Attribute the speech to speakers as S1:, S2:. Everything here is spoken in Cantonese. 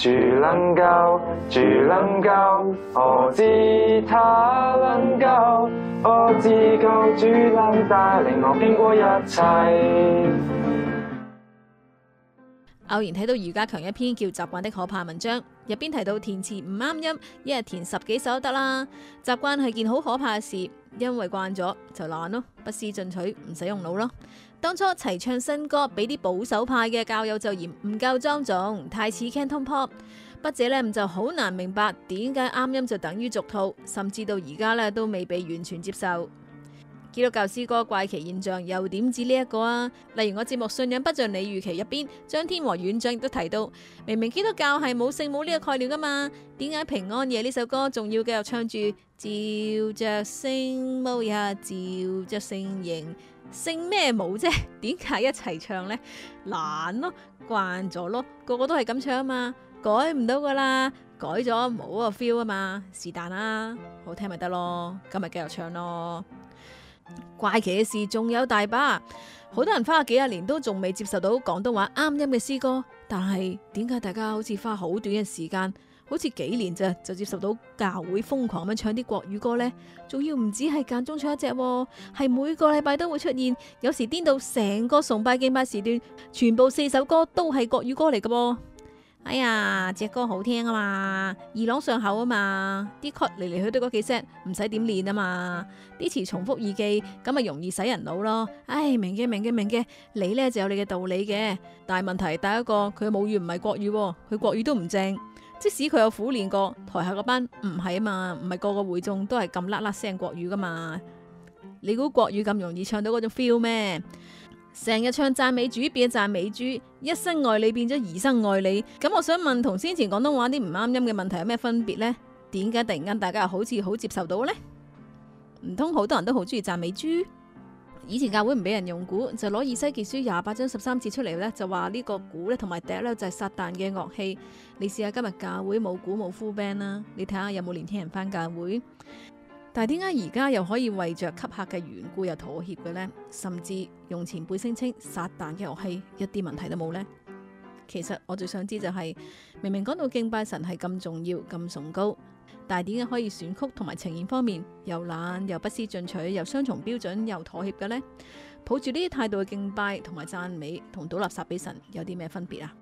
S1: 住能夠，住能夠，何止他能夠？我自救主能帶領我經過一切。偶然睇到余家強一篇叫《習慣的可怕》文章，入邊提到填詞唔啱音，一日填十幾首都得啦。習慣係件好可怕嘅事，因為慣咗就懶咯，不思進取，唔使用腦咯。當初齊唱新歌，俾啲保守派嘅教友就嫌唔夠莊重，太似 Canton Pop。筆者咧就好難明白點解啱音就等於俗套，甚至到而家咧都未被完全接受。基督教詩歌怪奇現象又點止呢、這、一個啊？例如我節目《信仰不像你預期》入邊，張天和院長亦都提到，明明基督教係冇聖母呢個概念噶嘛，點解平安夜呢首歌仲要繼續唱住？照着聖母呀，照着聖嬰，聖咩母啫？點解一齊唱呢？懶咯，慣咗咯，個個都係咁唱啊嘛，改唔到噶啦，改咗冇個 feel 啊嘛，是但啦，好聽咪得咯，咁咪繼續唱咯。怪奇嘅事仲有大把，好多人花幾廿年都仲未接受到廣東話啱音嘅詩歌，但係點解大家好似花好短嘅時間，好似幾年咋就接受到教會瘋狂咁唱啲國語歌呢？仲要唔止係間中唱一隻，係每個禮拜都會出現，有時顛到成個崇拜敬拜時段，全部四首歌都係國語歌嚟嘅噃。哎呀，隻歌好聽啊嘛，二朗上口啊嘛，啲曲嚟嚟去去，都嗰幾 set，唔使點練啊嘛，啲詞重複易記，咁咪容易洗人腦咯。唉、哎，明嘅明嘅明嘅，你呢就有你嘅道理嘅。但係問題第一個，佢嘅母語唔係國語，佢國語都唔正，即使佢有苦練過，台下嗰班唔係啊嘛，唔係個個會眾都係咁啦啦聲國語噶嘛，你估國語咁容易唱到嗰種 feel 咩？成日唱讚美主，變咗讚美豬；一生愛你，變咗二生愛你。咁我想問，同先前廣東話啲唔啱音嘅問題有咩分別呢？點解突然間大家又好似好接受到呢？唔通好多人都好中意讚美豬？以前教會唔俾人用鼓，就攞以西結書廿八章十三節出嚟呢，就話呢個鼓呢同埋笛呢，就係撒旦嘅樂器。你試下今日教會冇鼓冇 full band 啦，你睇下有冇年輕人返教會？但係點解而家又可以為着吸客嘅緣故又妥協嘅呢？甚至用前輩聲稱撒旦嘅樂器一啲問題都冇呢？其實我最想知就係、是、明明講到敬拜神係咁重要咁崇高，但係點解可以選曲同埋呈現方面又懶又不思進取，又雙重標準又妥協嘅呢？抱住呢啲態度嘅敬拜同埋讚美，同倒垃圾俾神有啲咩分別啊？